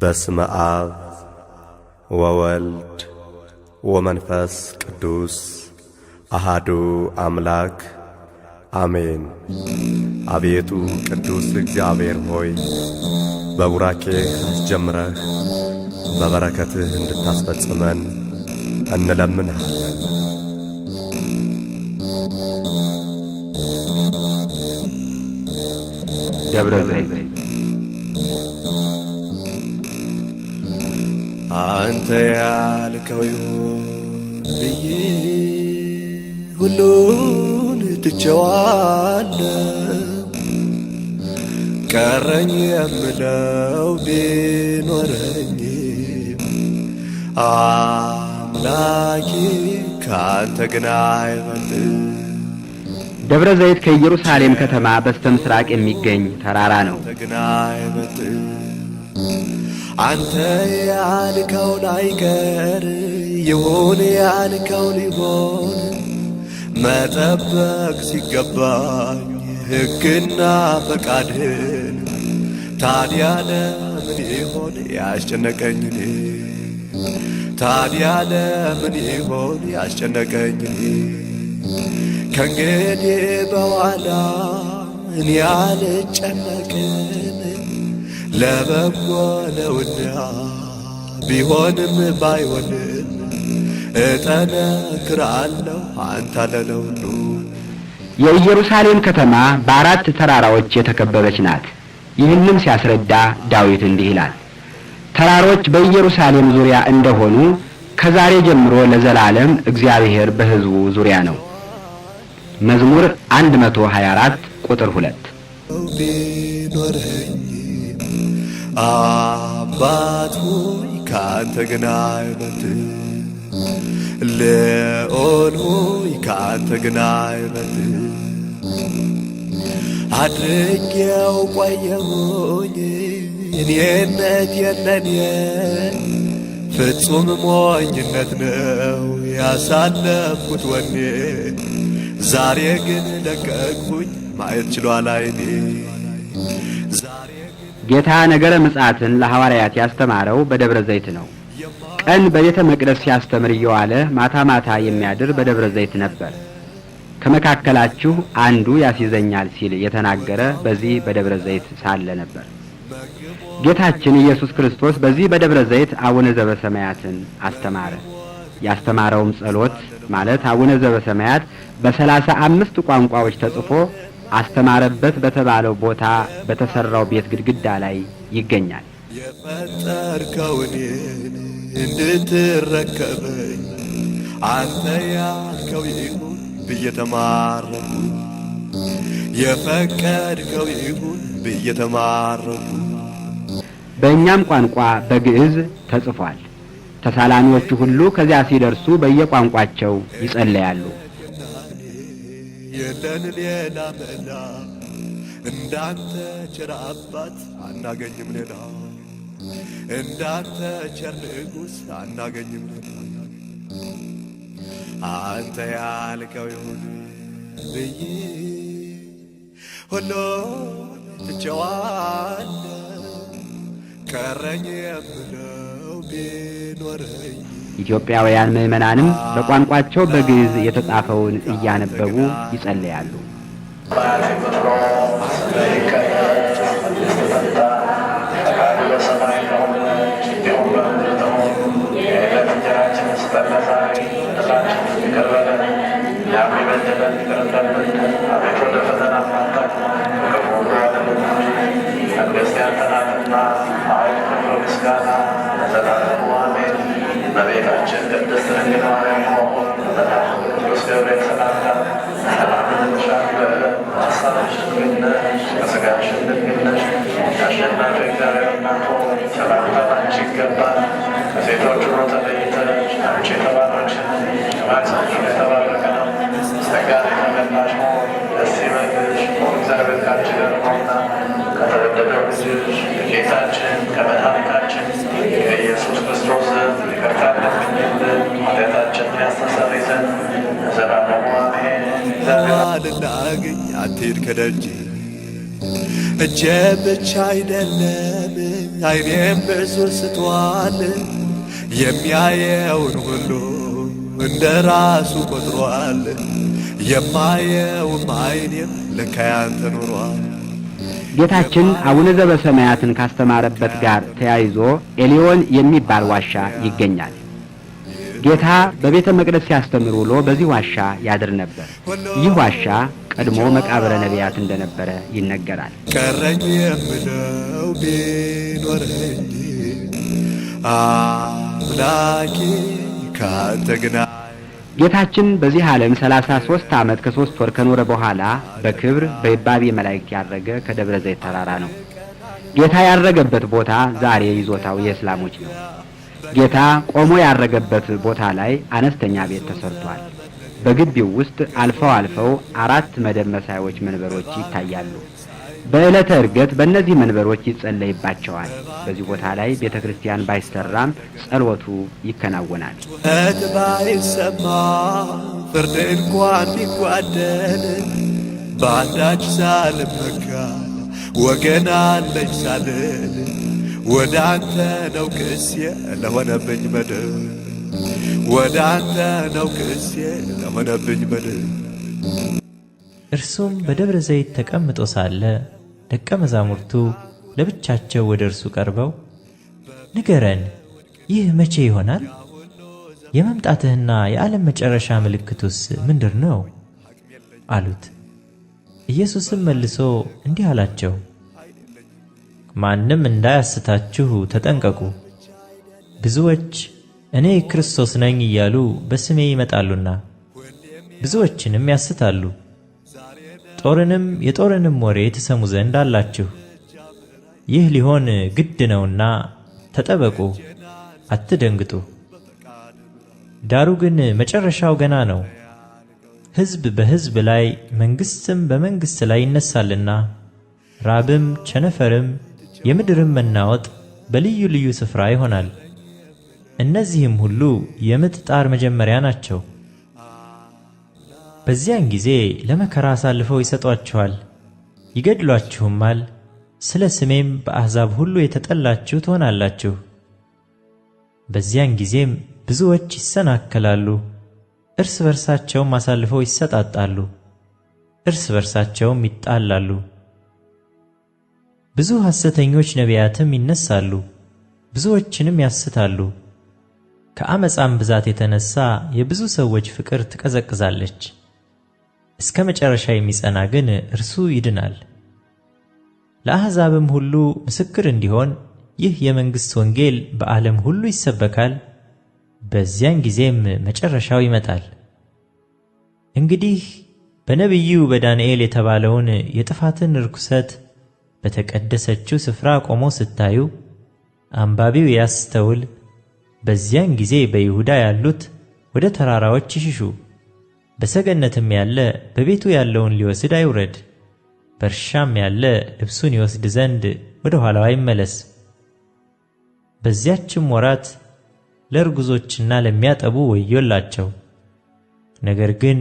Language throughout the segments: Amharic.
በስመ አብ ወወልድ ወመንፈስ ቅዱስ አሃዱ አምላክ አሜን። አቤቱ ቅዱስ እግዚአብሔር ሆይ በቡራኬህ አስጀምረህ በበረከትህ እንድታስፈጽመን እንለምንሃለን። ደብረ ዘይት አንተ ያልከው ይሁን ብዬ ሁሉን ትቼዋለሁ። ቀረኝ የምለው ቢኖረኝ አምላኪ ከአንተ ግን አይበልጥ። ደብረ ዘይት ከኢየሩሳሌም ከተማ በስተ ምስራቅ የሚገኝ ተራራ ነው። አንተ ያልከው ላይቀር ይሁን ያልከው ሊሆን መጠበቅ ሲገባኝ ሕግና ፈቃድን ታዲያ ለምን ይሆን ያስጨነቀኝ ታዲያ ለምን ይሆን ያስጨነቀኝ ከእንግዲህ በኋላ እኔ አልጨነቅም ለበጎ ነውና ቢሆንም ባይሆንም እጠነክራለሁ አንተ ለለውሉ። የኢየሩሳሌም ከተማ በአራት ተራራዎች የተከበበች ናት። ይህንም ሲያስረዳ ዳዊት እንዲህ ይላል። ተራሮች በኢየሩሳሌም ዙሪያ እንደሆኑ ከዛሬ ጀምሮ ለዘላለም እግዚአብሔር በሕዝቡ ዙሪያ ነው። መዝሙር 124 ቁጥር 2 አባት ሆይ ካንተ ግን አይበልጥ ልዑል ሆይ ካንተ ግን አይበልጥ አድርጌው ቆየሁኝ እኔነት የለኔ ፍጹም ሞኝነት ነው ያሳለፍኩት ወኔ ዛሬ ግን ለቀቅሁኝ ማየት ችሏል ዓይኔ ጌታ ነገረ ምጽአትን ለሐዋርያት ያስተማረው በደብረ ዘይት ነው። ቀን በቤተ መቅደስ ሲያስተምር እየዋለ ማታ ማታ የሚያድር በደብረ ዘይት ነበር። ከመካከላችሁ አንዱ ያስይዘኛል ሲል የተናገረ በዚህ በደብረ ዘይት ሳለ ነበር። ጌታችን ኢየሱስ ክርስቶስ በዚህ በደብረ ዘይት አቡነ ሰማያትን አስተማረ። ያስተማረውም ጸሎት ማለት አቡነ ሰማያት በሰላሳ አምስት ቋንቋዎች ተጽፎ አስተማረበት በተባለው ቦታ በተሰራው ቤት ግድግዳ ላይ ይገኛል። የፈጠርከውን እንድትረከበኝ አንተ ያልከው ይሁን ብዬ ተማረኩ። የፈቀድከው ይሁን ብዬ ተማረኩ። በእኛም ቋንቋ በግዕዝ ተጽፏል። ተሳላሚዎቹ ሁሉ ከዚያ ሲደርሱ በየቋንቋቸው ይጸለያሉ። የለን ሌላ መላ እንዳንተ ቸር አባት አናገኝም ሌላ እንዳንተ ቸር ንጉሥ አናገኝም ሌላ አንተ ያልከው ይሁን ብዬ ሁሉ ትቸዋለ ቀረኝ የምለው ቢኖረኝ ኢትዮጵያውያን ምዕመናንም በቋንቋቸው በግዕዝ የተጻፈውን እያነበቡ ይጸልያሉ። በቤታችን ቅድስት ድንግል ማርያም ሆኖ በጣም ቅዱስ ገብርኤል ሰላምታ ሰላምን እንሻለን። ሀሳባችን ድንግል ነሽ፣ በስጋችን ድንግል ነሽ። አሸናፊ እግዚአብሔር እናት ሰላምታ ላንቺ ይገባል። ከሴቶች ሁሉ ተለይተሽ አንቺ የተባረክሽ ማኅፀንሽ የተባረከ ነው። ጸጋን የተመላሽ ደስ ይበልሽ፣ እግዚአብሔር ካንቺ ጋር ነውና ከተወደደው ልጅሽ ከጌታችን ከመድኃኒታችን ይቅርታ አድርግልን ኃጢአታችንን ያስተሰርይ ከደጅ ብቻ አይደለም አይኔም ብዙ ስቷል። የሚያየውን ሁሉ እንደ ራሱ ቆጥሯል። የማየውም አይኔም ለካያንተ ኑሯል ጌታችን አቡነ ዘበሰማያትን ካስተማረበት ጋር ተያይዞ ኤሊዮን የሚባል ዋሻ ይገኛል። ጌታ በቤተ መቅደስ ሲያስተምር ውሎ በዚህ ዋሻ ያድር ነበር። ይህ ዋሻ ቀድሞ መቃብረ ነቢያት እንደነበረ ይነገራል። ቀረኝ የምለው ቢኖረኝ አምላኬ ካንተ ግና ጌታችን በዚህ ዓለም ሰላሳ ሶስት ዓመት ከሶስት ወር ከኖረ በኋላ በክብር በይባቤ መላእክት ያረገ ከደብረ ዘይት ተራራ ነው። ጌታ ያረገበት ቦታ ዛሬ ይዞታው የእስላሞች ነው። ጌታ ቆሞ ያረገበት ቦታ ላይ አነስተኛ ቤት ተሰርቷል። በግቢው ውስጥ አልፈው አልፈው አራት መደብ መሳዮች መንበሮች ይታያሉ። በዕለተ እርገት በእነዚህ መንበሮች ይጸለይባቸዋል። በዚህ ቦታ ላይ ቤተ ክርስቲያን ባይሰራም ጸሎቱ ይከናወናል። እት ባይሰማ ፍርድ እንኳን ቢጓደል በአንዳች ሳልመካ ወገን አለች ሳልል ወደ አንተ ነው ክሴ ለሆነብኝ በደል ወደ አንተ ነው ክሴ ለሆነብኝ በደል እርሱም በደብረ ዘይት ተቀምጦ ሳለ ደቀ መዛሙርቱ ለብቻቸው ወደ እርሱ ቀርበው ንገረን፣ ይህ መቼ ይሆናል? የመምጣትህና የዓለም መጨረሻ ምልክቱስ ምንድር ነው? አሉት። ኢየሱስም መልሶ እንዲህ አላቸው፣ ማንም እንዳያስታችሁ ተጠንቀቁ። ብዙዎች እኔ ክርስቶስ ነኝ እያሉ በስሜ ይመጣሉና ብዙዎችንም ያስታሉ። ጦርንም የጦርንም ወሬ ትሰሙ ዘንድ አላችሁ። ይህ ሊሆን ግድ ነውና ተጠበቁ፣ አትደንግጡ። ዳሩ ግን መጨረሻው ገና ነው። ሕዝብ በሕዝብ ላይ መንግሥትም በመንግሥት ላይ ይነሳልና፣ ራብም፣ ቸነፈርም፣ የምድርም መናወጥ በልዩ ልዩ ስፍራ ይሆናል። እነዚህም ሁሉ የምጥ ጣር መጀመሪያ ናቸው። በዚያን ጊዜ ለመከራ አሳልፈው ይሰጧችኋል፣ ይገድሏችሁማል። ስለ ስሜም በአሕዛብ ሁሉ የተጠላችሁ ትሆናላችሁ። በዚያን ጊዜም ብዙዎች ይሰናከላሉ፣ እርስ በርሳቸውም አሳልፈው ይሰጣጣሉ፣ እርስ በርሳቸውም ይጣላሉ። ብዙ ሐሰተኞች ነቢያትም ይነሳሉ፣ ብዙዎችንም ያስታሉ። ከአመፃም ብዛት የተነሳ የብዙ ሰዎች ፍቅር ትቀዘቅዛለች። እስከ መጨረሻ የሚጸና ግን እርሱ ይድናል። ለአሕዛብም ሁሉ ምስክር እንዲሆን ይህ የመንግሥት ወንጌል በዓለም ሁሉ ይሰበካል፣ በዚያን ጊዜም መጨረሻው ይመጣል። እንግዲህ በነቢዩ በዳንኤል የተባለውን የጥፋትን ርኩሰት በተቀደሰችው ስፍራ ቆሞ ስታዩ፣ አንባቢው ያስተውል። በዚያን ጊዜ በይሁዳ ያሉት ወደ ተራራዎች ይሽሹ። በሰገነትም ያለ በቤቱ ያለውን ሊወስድ አይውረድ። በእርሻም ያለ ልብሱን ይወስድ ዘንድ ወደ ኋላው አይመለስ። በዚያችም ወራት ለእርጉዞችና ለሚያጠቡ ወዮላቸው። ነገር ግን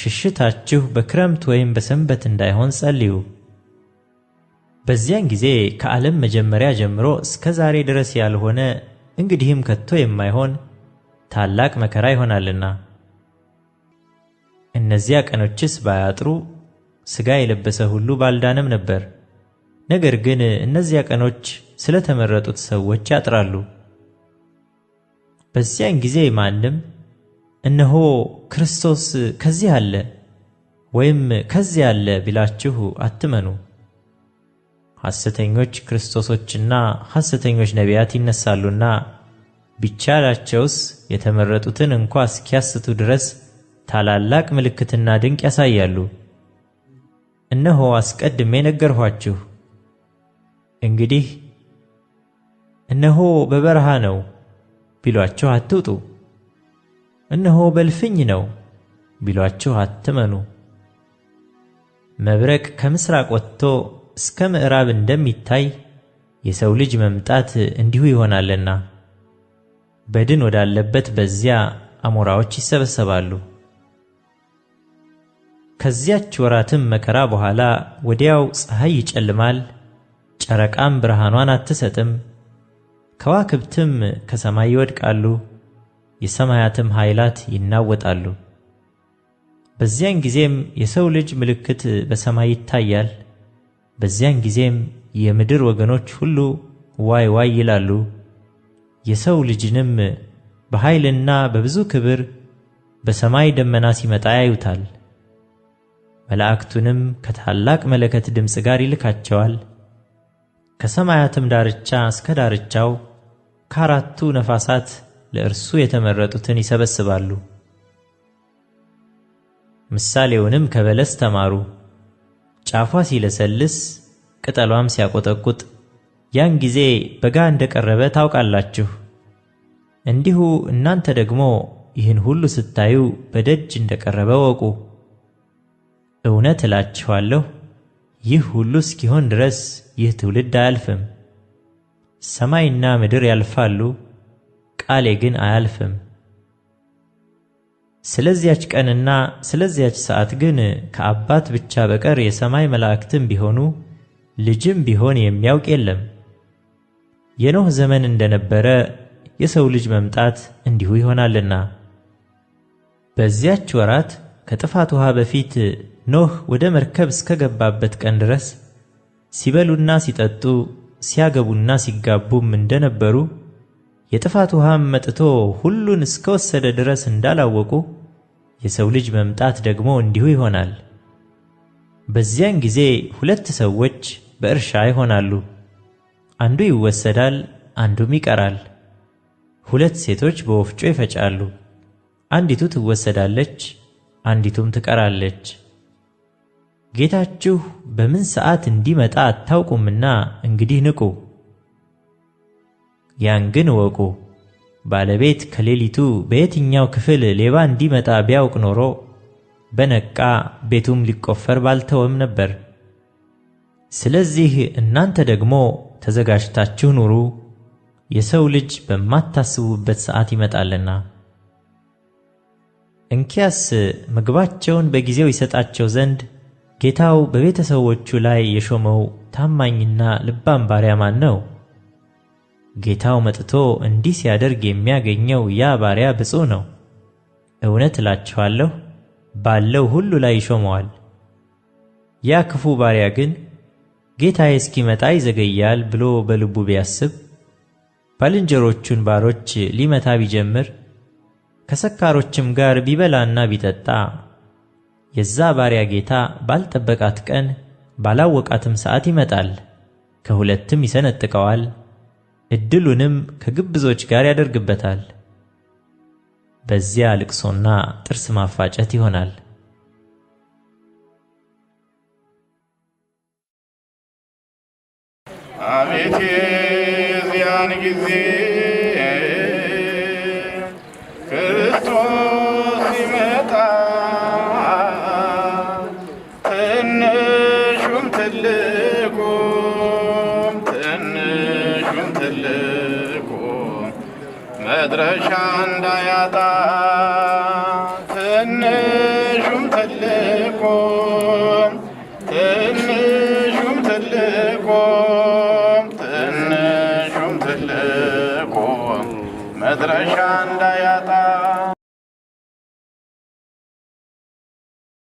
ሽሽታችሁ በክረምት ወይም በሰንበት እንዳይሆን ጸልዩ። በዚያን ጊዜ ከዓለም መጀመሪያ ጀምሮ እስከ ዛሬ ድረስ ያልሆነ እንግዲህም ከቶ የማይሆን ታላቅ መከራ ይሆናልና። እነዚያ ቀኖችስ ባያጥሩ ሥጋ የለበሰ ሁሉ ባልዳነም ነበር። ነገር ግን እነዚያ ቀኖች ስለተመረጡት ሰዎች ያጥራሉ። በዚያን ጊዜ ማንም እነሆ ክርስቶስ ከዚህ አለ ወይም ከዚህ አለ ቢላችሁ አትመኑ። ሐሰተኞች ክርስቶሶችና ሐሰተኞች ነቢያት ይነሳሉና ቢቻላቸውስ የተመረጡትን እንኳ እስኪያስቱ ድረስ ታላላቅ ምልክትና ድንቅ ያሳያሉ። እነሆ አስቀድሜ ነገርኋችሁ። እንግዲህ እነሆ በበረሃ ነው ቢሏችሁ አትውጡ፣ እነሆ በልፍኝ ነው ቢሏችሁ አትመኑ። መብረቅ ከምስራቅ ወጥቶ እስከ ምዕራብ እንደሚታይ የሰው ልጅ መምጣት እንዲሁ ይሆናልና በድን ወዳለበት በዚያ አሞራዎች ይሰበሰባሉ። ከዚያች ወራትም መከራ በኋላ ወዲያው ፀሐይ ይጨልማል፣ ጨረቃም ብርሃኗን አትሰጥም፣ ከዋክብትም ከሰማይ ይወድቃሉ፣ የሰማያትም ኃይላት ይናወጣሉ። በዚያን ጊዜም የሰው ልጅ ምልክት በሰማይ ይታያል። በዚያን ጊዜም የምድር ወገኖች ሁሉ ዋይ ዋይ ይላሉ። የሰው ልጅንም በኃይልና በብዙ ክብር በሰማይ ደመና ሲመጣ ያዩታል። መላእክቱንም ከታላቅ መለከት ድምፅ ጋር ይልካቸዋል። ከሰማያትም ዳርቻ እስከ ዳርቻው ከአራቱ ነፋሳት ለእርሱ የተመረጡትን ይሰበስባሉ። ምሳሌውንም ከበለስ ተማሩ። ጫፏ ሲለሰልስ ቅጠሏም ሲያቆጠቁጥ ያን ጊዜ በጋ እንደቀረበ ታውቃላችሁ። እንዲሁ እናንተ ደግሞ ይህን ሁሉ ስታዩ በደጅ እንደቀረበ ወቁ። እውነት እላችኋለሁ ይህ ሁሉ እስኪሆን ድረስ ይህ ትውልድ አያልፍም። ሰማይና ምድር ያልፋሉ፣ ቃሌ ግን አያልፍም። ስለዚያች ቀንና ስለዚያች ሰዓት ግን ከአባት ብቻ በቀር የሰማይ መላእክትም ቢሆኑ ልጅም ቢሆን የሚያውቅ የለም። የኖህ ዘመን እንደነበረ የሰው ልጅ መምጣት እንዲሁ ይሆናልና። በዚያች ወራት ከጥፋት ውሃ በፊት ኖህ ወደ መርከብ እስከገባበት ቀን ድረስ ሲበሉና ሲጠጡ ሲያገቡና ሲጋቡም እንደነበሩ የጥፋት ውሃም መጥቶ ሁሉን እስከወሰደ ድረስ እንዳላወቁ የሰው ልጅ መምጣት ደግሞ እንዲሁ ይሆናል። በዚያን ጊዜ ሁለት ሰዎች በእርሻ ይሆናሉ፣ አንዱ ይወሰዳል፣ አንዱም ይቀራል። ሁለት ሴቶች በወፍጮ ይፈጫሉ፣ አንዲቱ ትወሰዳለች፣ አንዲቱም ትቀራለች። ጌታችሁ በምን ሰዓት እንዲመጣ አታውቁምና እንግዲህ ንቁ። ያን ግን እወቁ፣ ባለቤት ከሌሊቱ በየትኛው ክፍል ሌባ እንዲመጣ ቢያውቅ ኖሮ በነቃ ቤቱም ሊቆፈር ባልተወም ነበር። ስለዚህ እናንተ ደግሞ ተዘጋጅታችሁ ኑሩ፣ የሰው ልጅ በማታስቡበት ሰዓት ይመጣልና። እንኪያስ ምግባቸውን በጊዜው ይሰጣቸው ዘንድ ጌታው በቤተሰቦቹ ላይ የሾመው ታማኝና ልባም ባሪያ ማን ነው? ጌታው መጥቶ እንዲህ ሲያደርግ የሚያገኘው ያ ባሪያ ብፁዕ ነው። እውነት እላችኋለሁ ባለው ሁሉ ላይ ይሾመዋል። ያ ክፉ ባሪያ ግን ጌታዬ እስኪመጣ ይዘገያል ብሎ በልቡ ቢያስብ፣ ባልንጀሮቹን ባሮች ሊመታ ቢጀምር፣ ከሰካሮችም ጋር ቢበላና ቢጠጣ የዛ ባሪያ ጌታ ባልጠበቃት ቀን ባላወቃትም ሰዓት ይመጣል፣ ከሁለትም ይሰነጥቀዋል፣ እድሉንም ከግብዞች ጋር ያደርግበታል። በዚያ ልቅሶና ጥርስ ማፋጨት ይሆናል። አቤቴ የዚያን ጊዜ ትልቁ መድረሻ እንዳያጣ